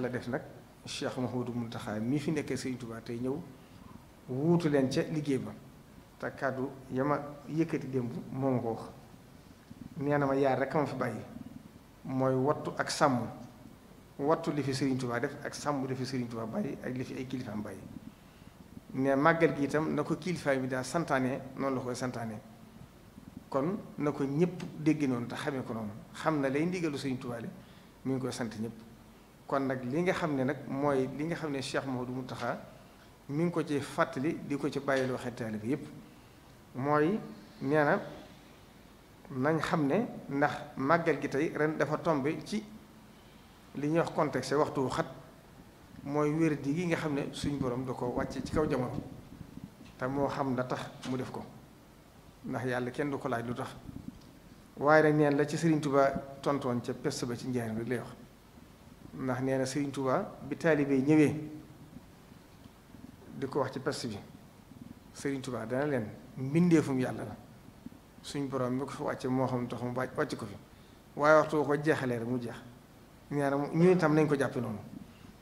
la def nag Cheikh Mouhamadou Mountakha mii fi nekkee Sëriñ Tuubaa tey ñëw wuutu leen ca liggéey ba te kàddu yama yëkkati démb moo ma ko wax nee na ma yaar rek ma fi bàyyi mooy wattu ak sàmm wattu li fi Sëriñ Tuubaa def ak sàmm li fi Sëriñ Tuubaa bàyyi ak li fi ay kilifaam bàyyi ne màggal gi itam na ko kilifaay bi daa santaane noonu la koy santaane kon na ko ñëpp dégg noonu te xamee ko noonu xam na lay ndigalu Sëriñ Tuubaa mi ngi koy sant kon nag li nga xam ne nag mooy li nga xam ne Cheikh Mouhamadou Mountakha mi ngi ko ci fàttali di ko ci bàyyil waxe taalibe yépp mooy nee na nañ xam ne ndax màggal gi tey ren dafa tombe ci li ñuy wax contexte waxtu wu xat mooy wér di gi nga xam ne suñ borom da ko wàcce ci kaw jamono te moo xam la tax mu def ko ndax yàlla kenn du ko laaj lu tax waaye nag neen la ci Sëriñ Tuubaa tontoon ca peste ba ci njaarim rek lay wax ndax nee na Serigne Touba bi taalibe ñëwee di ko wax ci peste bi sëriñ tubaa dana leen mbindeefum yàlla la suñ borom mi ko fi wàcce moo xam tax mu wàcc ko fi waaye waxtu ko jeexalee rek mu jeex ñaar ñu itam nañ ko jàppe noonu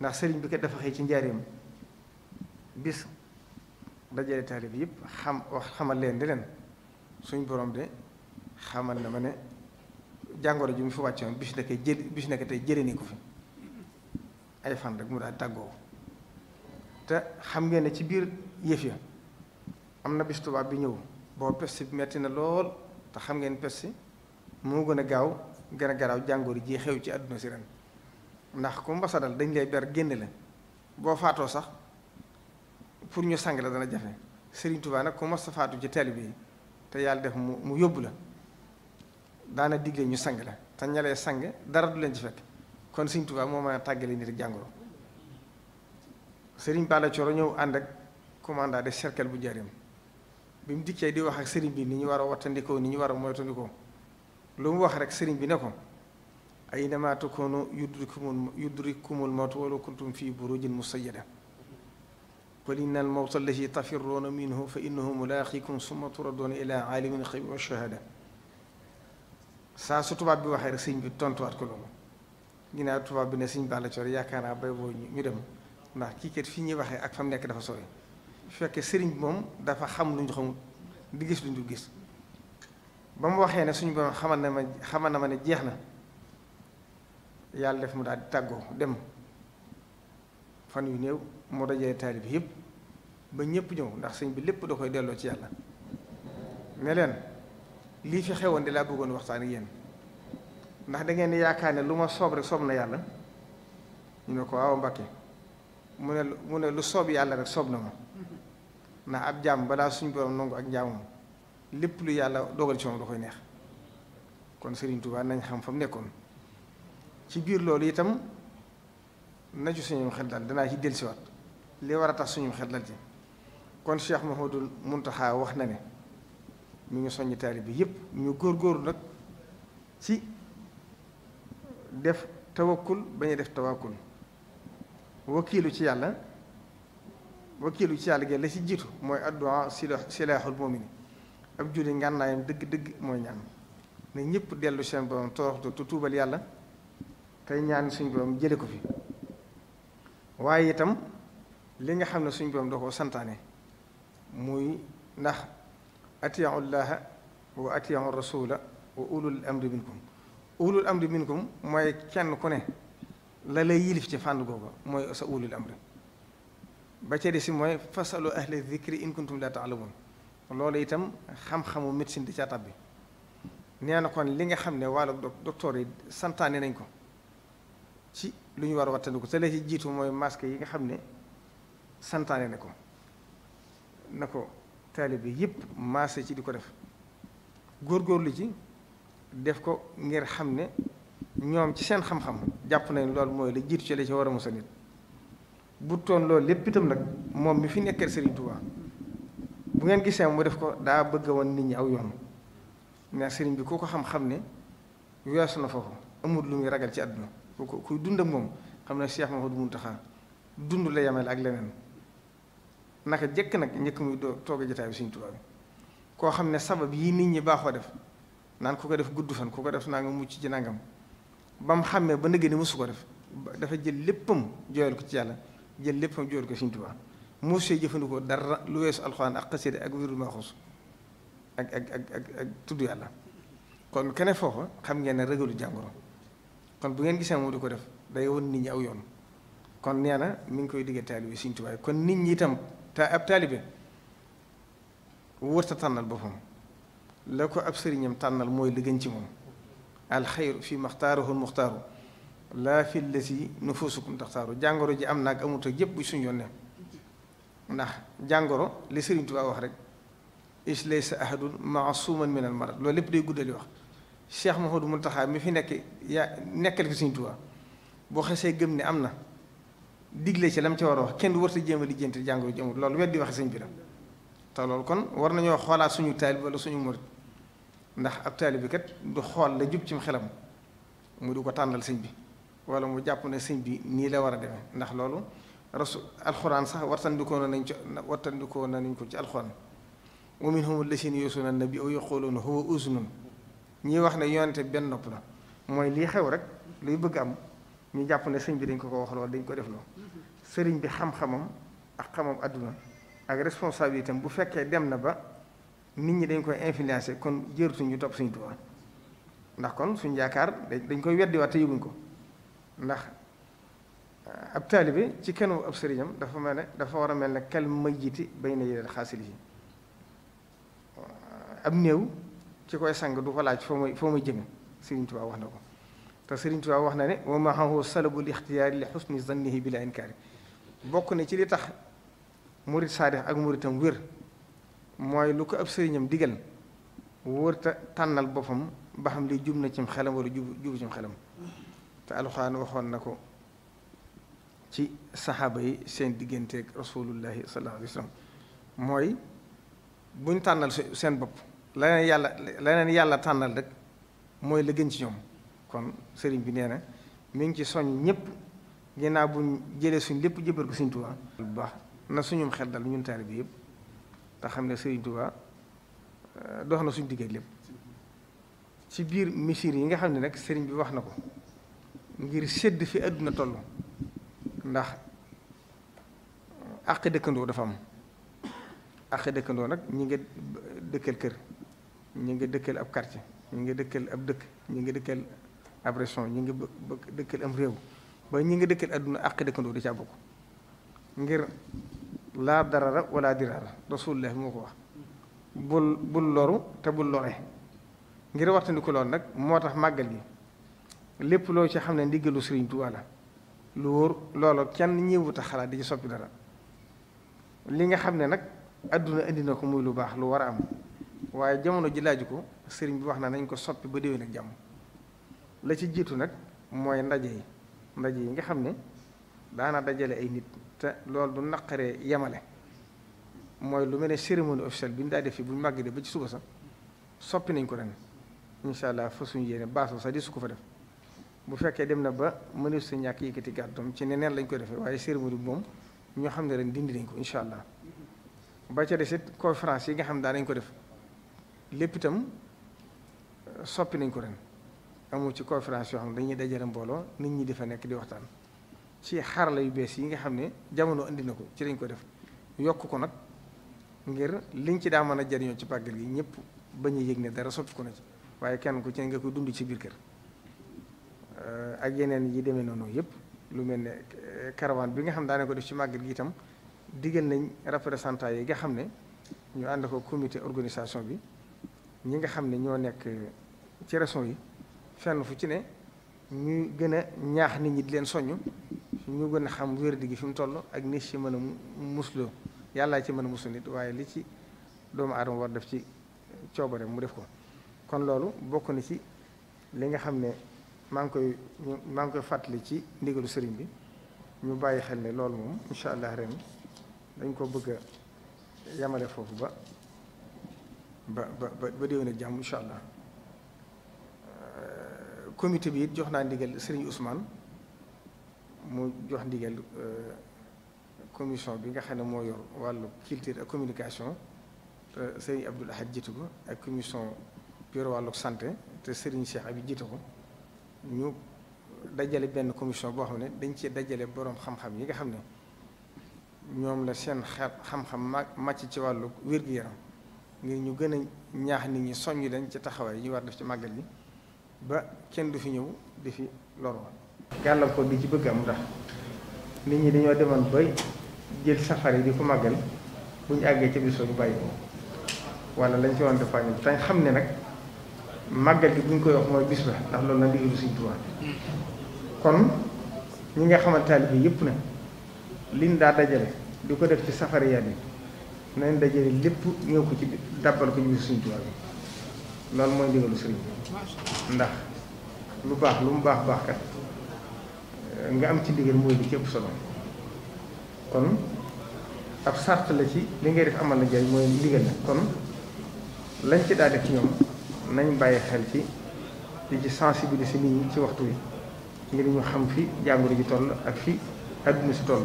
ndax sëriñ bi kat dafa xëy ci njaareem bis dajale taalibe yëpp xam wax xamal leen di leen suñ borom de xamal na ma ne jàngoro ji mu fi wàcce woon bis na ko jël bis na ko tey jëlee ko fi. ay fan rek mu daal tàggoo te xam ngeen ne ci biir yëf ya am na bistubaab tubaab bi ñëw boo peste bi metti na lool te xam ngeen peste moo gën a gaaw gën a garaaw jàngoor ji xew ci àdduna si ren ndax ku mbasadal dañ lay ber génn la boo faatoo sax pour ñu sang la dana jafe Sëriñ Tuubaa nag ku mas a ci teel bi te yàlla def mu mu yóbbu la daana digle ñu sang la te ña lay sang dara du leen ci fekk kon Sëriñ Tuubaa moo mën a tàggale nit ak Sëriñ Balla Coro ñëw ànd ak commandant de cercle bu Njaaréem bi mu dikkee di wax ak sëriñ bi ni ñu war a wattandikoo ni ñu war a moytandikoo lu mu wax rek sëriñ bi ne ko aynama takunu yudrikumul yudrikumul mawtu walaw kuntum fi burujin musayyada qul inna al mawta allazi tafirruuna minhu fa innahu mulaaqikum summa turadduuna ila alimil xaybi wa shahada saa su tubaab bi waxee rek sëriñ bi tontuwaat ko loo ginnaaw tubaab bi ne sëñ Balla Coor yaakaar naa bay boo ñu dem ndax kii kat fi ñuy waxee ak fa nekk dafa sori fekke sëriñ bi moom dafa xam lu ñu di gis lu ñu gis ba mu waxee ne suñu borom xamal na ma xamal na ma ne jeex na yàlla def mu daal di tàggoo dem fan yu néew moo dajale taalib yëpp ba ñëpp ñëw ndax sëñ bi lépp da koy delloo ci yàlla ne leen lii fi xewoon de laa bëggoon waxtaan ak yéen ndax da ngeen di yaakaar ne lu ma soob rek soob na yàlla ñu ne ko waaw Mbàkke mu ne mu ne lu soob yàlla rek soob na ma ndax ab jàmm balaa suñ borom nangu ak njaamam lépp lu yàlla dogal ci moom da koy neex kon Serigne Touba nañ xam fa mu nekkoon ci biir loolu itam na ci suñu xel danaa ci dellusiwaat li war a tax suñu xel ci kon Cheikh Mouhamadoul Mountakha wax na ne mu ngi soññ taalibe bi yëpp ñu góor nag ci. def tawakkul bañ a def tawakkul wakiilu ci yàlla wakiilu ci yàlla gi la ci jiitu mooy addu'a silaaxul mu'min ab julli ngànnaayam dëgg dëgg mooy ñaan ne ñëpp dellu seen borom toroxtu tu tuubal yàlla tey ñaan suñ borom jële ko fi waaye itam li nga xam ne suñ borom da koo santaane muy ndax atii'u llaaha wa atii'u rasuula wa ulul amri minkum ulul amri minkum mooy kenn ku ne la lay yilif ci fànn googu mooy sa ulul amri ba ca si mooy fasalu ahla zikri in kuntum la loolu itam xam-xamu médecine di ca tab bi nee na kon li nga xam ne wàllu docteur yi santaane nañ ko ci lu ñu war a wattandiku te la ci jiitu mooy masque yi nga xam ne santaane na ko ne ko taalibe yépp masque ci di ko def góorgóorlu ci def ko ngir xam ne ñoom ci seen xam-xam jàpp nañ loolu mooy la jiitu ci la ci war a mos nit bu toon loolu lépp itam nag moom mi fi nekkal Serigne Touba bu ngeen gisee mu def ko daa bëgg woon nit ñi aw yoon mais Serigne bi koo ko xam-xam ne weesu na foofu amut lu muy ragal ci àdduna ku ko kuy dund ak moom xam ne Cheikh Mouhamadou Mountakha dund la yemel ak leneen naka jëkk nag njëkk muy doo toog jotaay bi Serigne Touba bi koo xam ne sabab yi nit ñi baaxoo def. naan ku ko def gudd fan ku ko def naa nga mucc ci nangam ba mu xàmmee ba nëgg ni mosu ko def dafa jël léppam jooyal ko ci yàlla jël léppam jooyal ko Sëriñ Tuubaa mosee jëfandikoo dara lu weesu alxuraan ak xasida ak wiru maxuus ak ak ak ak tudd yàlla kon kene foofa xam ngeen ne rëgalu jàngoro kon bu ngeen gisee moo du ko def day won nit ñi aw yoon kon nee na mi ngi koy digge taalibe Sëriñ Tuubaa kon nit ñi itam ta ab taalibe sa tànnal boppam la ko ab sëriñam tànnal mooy li gën ci moom alxeyru fi maxtaarahu muxtaaru laa fi lati nufusukum taxtaaru jàngoro ji am naag amut ak yépp bu suñu yoon ne ndax jàngoro li sëriñ Tuubaa wax rek is laysa ahadun maasuman min al marad loolu lépp day yi wax Cheikh Mouhamadou Mountakha mi fi nekk yaa nekkal fi suñu Tuubaa boo xasee gëm ne am na digle ci lam ci war a wax kenn du warta jéem a lijjanti jàngoro ji amul loolu weddi wax sëñ bi la te loolu kon war nañoo xoolaat suñu taalib wala suñu murit ndax ab taalibe kat du xool la jub ci xelam mu du ko tànnal sëñ bi wala mu jàpp na sëñ bi nii la war a demee ndax loolu rasul alxuraan sax wartandikoo na nañ ci wartandikoo na nañ ko ci alxuraan wa minhum allasina yusuuna nabi aw yaquluuna huwa usnun ñi wax ne yonte benn nopp la mooy lii xew rek luy bëgg am ñu jàpp ne sëñ bi dañ ko ko wax loolu dañ ko def loo sëriñ bi xam-xamam ak xamam àdduna ak responsabilité bu fekkee dem na ba nit ñi dañ koy influencé kon jërtuñ ñu topp suñu Tuubaa ndax kon suñu yaakaar dañ koy weddiwaat te yëguñ ko ndax euh, ab taalibe ci kanamu ab sëriñam dafa mel ne dafa war a mel ne kal mayyiti bayna yadayil xaasilihi euh, ab néew ci koy sang du ko laaj foo may foo may jëme Sëriñ Tuubaa wax na ko te Sëriñ Tuubaa wax na ne wa maahu salabul ixtiyaari li xusni zannihi bila inkaari bokk na ci li tax murit saadix ak muritam wér mooy lu ko ab sëriñam digal wërta tànnal boppam ba xam li jub na cim xelam wala jub jubu cim xelam te alxuraan waxoon na ko ci saxaaba yi seen digganteeg rasulullahi sallallahu mooy buñ tànnal seen bopp leneen yàlla leneen yàlla tànnal rek mooy la gën ci ñoom kon sëriñ bi nee na mi ngi ci soñ ñëpp ginnaaw buñ jëlee suñ lépp jëbal ko suñ baax na suñum xel dal ñun taalibe bi yëpp te xam ne Serigne Touba euh, dox na suñu diggante lépp ci biir misir yi nga xam ne nag Serigne bi wax na ko ngir sedd fi àdduna toll ndax àq dëkkandoo dafa am àq dëkkandoo nag ñi nga dëkkal kër ñi nga dëkkal ab quartier ñi nga dëkkal ab dëkk ñi nga dëkkal ab région ñi nga dëkkal am réew ba ñi nga dëkkal àdduna àq dëkkandoo da caa bokk ngir. laa darara wala diraara rasulullah moo ko wax bul bul loru te bul lore ngir waxtandiku loolu nag moo tax màggal yi lépp loo ci xam ne ndiggalu Sëriñ Tuubaa la lu wóor loolu kenn ñëwut a xalaat di ci soppi dara li nga xam ne nag àdduna indi na ko muy lu baax lu war a am waaye jamono ji laaju ko sëriñ bi wax na nañ ko soppi ba déwén ak jàmm la ci jiitu nag mooy ndaje yi ndaje yi nga xam ne daana dajale ay nit te loolu du naqaree yemale mooy lu mel ne cérémonie officielle bi ñu daa def fii bu ñu màgg de ba ci suba sax soppi nañ ko ren incha allah fa suñu yéene baasoo sax di su ko fa def bu fekkee dem na ba mënees sa ñàkk yëkkati gàddoom ci neneen lañ ko defee waaye cérémonie bu moom ñoo xam ne ren dindi nañ ko incha allah ba ca desit conférence yi nga xam daa nañ ko def lépp itam soppi nañ ko ren amu ci conférence yoo xam ne dañuy dajale mbooloo nit ñi di fa nekk di waxtaan. ci xarala yu bees yi nga xam ne jamono indi na ko ci lañ ko def yokk ko nag ngir liñ ci daa mën a jariñoo ci pàggal gi ñëpp ba ñu yëg ne dara soppi ko na ci waaye kenn ku ci nga koy dund ci biir kër ak yeneen yi demee noonu yëpp lu mel ne caravane bi nga xam daane ko def ci màggal gi itam digal nañ représentant yi nga xam ne ñu ànd ko comité organisation bi ñi nga xam ne ñoo nekk ci région yi fenn fu ci ne ñuy gën a ñaax nit ñi di leen soññ ñu gën a xam wér di gi mu toll ak ni ci mën a musloo yàllaa ci mën a muslu nit waaye li ci doomu adama war def ci coobare mu def ko kon loolu bokk na ci li nga xam ne maa ngi koy maa ngi koy fàttali ci ndigalu sëriñ bi ñu bàyyi xel ne loolu moom incha allah ren dañ ko bëgg a yamale foofu ba ba ba ba déwén ak jàmm incha allah comité bi it jox naa ndigal sëriñ Ousmane. mu jox ndigal euh, commission bi nga xam ne moo yor wàllu culture ak communication te Serigne Abdoul Ahad jiitu ko ak commission yor wàllu santé te Serigne Cheikh abi ko ñu dajale benn commission boo xam ne dañ cee dajale boroom xam-xam yi nga xam ne ñoom la seen xel xam mag màcc ci wàllu wér-gu-yaram ngir ñu gën a ñaax nit ñi soññ leen ci taxawaay yi ñu war def ci màggal yi ba kenn du fi ñëw di fi loroo ko di ci bëgg am ndax nit ñi dañoo demoon ba jël safari di ko màggal bu ñu àggee ca bisoo ñu bàyyi ko wala lañ ci woon dafa ñu te xam ne nag màggal bi bu ñu koy wax mooy bis ba ndax loolu la ndigalu Sëriñ Tuubaa kon ñi nga xamante taalibe yëpp nag liñ daa dajale di ko def ci safari bi nañ dajale lépp ñëw ci dàbbal ko bi mooy ndigalu sëriñ ndax lu baax lu mu baax baax kat nga am ci ndigal mooy li ci solo kon ab sart la ci li ngay def amal na mooy ndigal kon lañ ci daa def ñoom nañ bàyyi xel ci di ci sensibiliser nit ñi ci waxtu wi ngir ñu xam fi jàngoro ji toll ak fi adduna si toll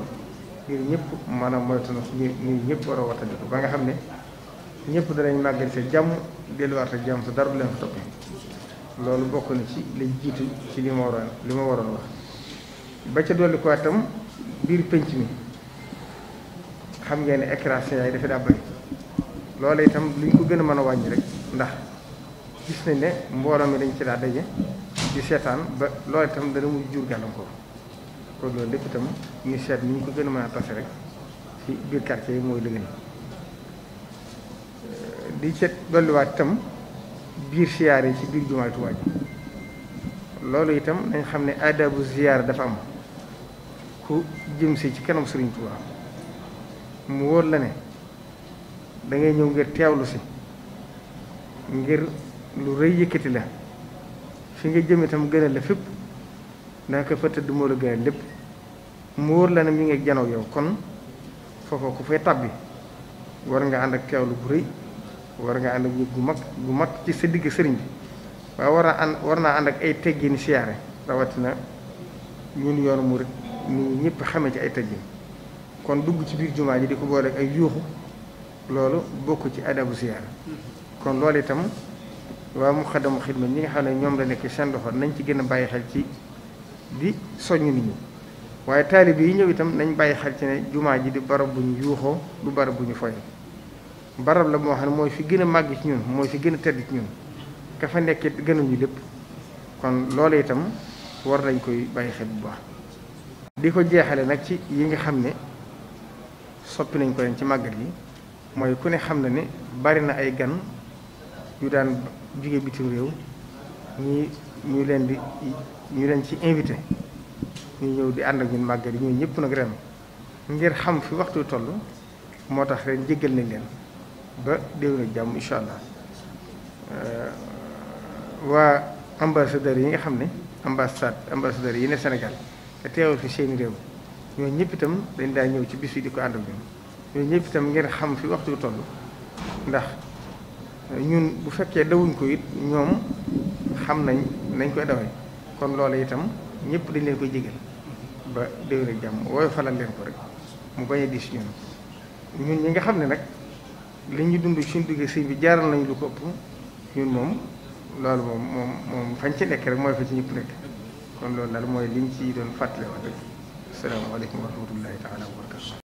ngir ñëpp maanaam moytu na ñu ñëpp war a wattandiku ba nga xam ne ñëpp danañ màggal sa jàmm delluwaat ak jàmm sa dara du leen fa topp loolu bokk na ci la jiitu ci li ma waroon li ma waroon wax ba ca dolli ko itam biir pénc mi xam ngeen ne écran géant yi dafa daa bëri loolu itam lu ñu ko gën a mën a wàññi rek ndax gis nañ ne mbooloo mi dañ ci daa daje di seetaan ba loolu itam dana jur gàllankoor kon loolu lépp itam ñu seet ñu ko gën a mën a tase rek ci biir quartier yi mooy liggéey di ca dolliwaat itam biir yi ci biir jumaay loolu itam nañ xam ne aadabu ziyaar dafa am ku jëm si ci kanam Serigne Touba mu wóor la ne da ñëw ngir teewlu si ngir lu rëy yëkkati la fi nga jëm itam gën la fépp ndax ko fa tëdd moo la gën lépp mu wóor la ne mi ngi janow yow kon foofa ku fay tabbi war nga ànd ak teewlu bu rëy war nga ànd ak gu mag gu mag ci sa digg sëriñ bi waaye war a ànd war naa ànd ak ay teggini siyaare rawatina ñun yoonu murit ni ñëpp xame ci ay teggin kon dugg ci biir jumaa ji di ko booleeg ay yuuxu loolu bokk ci adabu ziyaara kon lool itam waaw mu xadamu xidma ñi nga xam ne ñoom la nekk seen loxo nañ ci gën a bàyyi xel ci di soññ nit ñi waaye taalibe yi ñëw itam nañ bàyyi xel ci ne jumaa ji di barab bu ñu yuuxoo du barab bu ñu foye barab la moo xam ne mooy fi gën a màgg ci ñun mooy fi gën a tedd ci ñun ka fa nekkee gënuñu lépp kon loolu itam war nañ koy bàyyi xel bu di ko jeexale nag ci yi nga xam ne soppi nañ ko leen ci màggal gi mooy ku ne xam na ne bari na ay gan yu daan jóge bitim réew ñi ñu leen di ñu leen ci invité ñu ñëw di ànd ak ñun màggat yi ñu ñëpp nag ren ngir xam fi waxtu toll moo tax ren jéggal nañ leen ba déwén ak jàmm incha allah euh, waa ambassadeurs yi nga xam ne ambassade ambassadeurs yi ne Sénégal te teewal fi seeni réew ñooñu ñëpp itam dañ daa ñëw ci bis bi di ko àndal ñoom ñooñu ñëpp itam ngeen xam fi waxtu toll ndax eh, ñun bu fekkee dawuñ ko it ñoom xam nañ nañ koy dawee kon loola itam ñëpp dañ leen koy ba déwén ak jàmm wooy falal leen ko rek mu bañ a diis ñun ñun ñi nga xam ne nag li ñu dund suñ duggee sëñ bi jaaral nañ lu ko ëpp ñun moom loolu moom moom moom fañ ci nekk rek mooy fa ci ñëpp nekk. kon loolu daal mooy liñ ci doon fàttale wax dëgg asalaamaaleykum wa rahmatullahi taala wa barakatu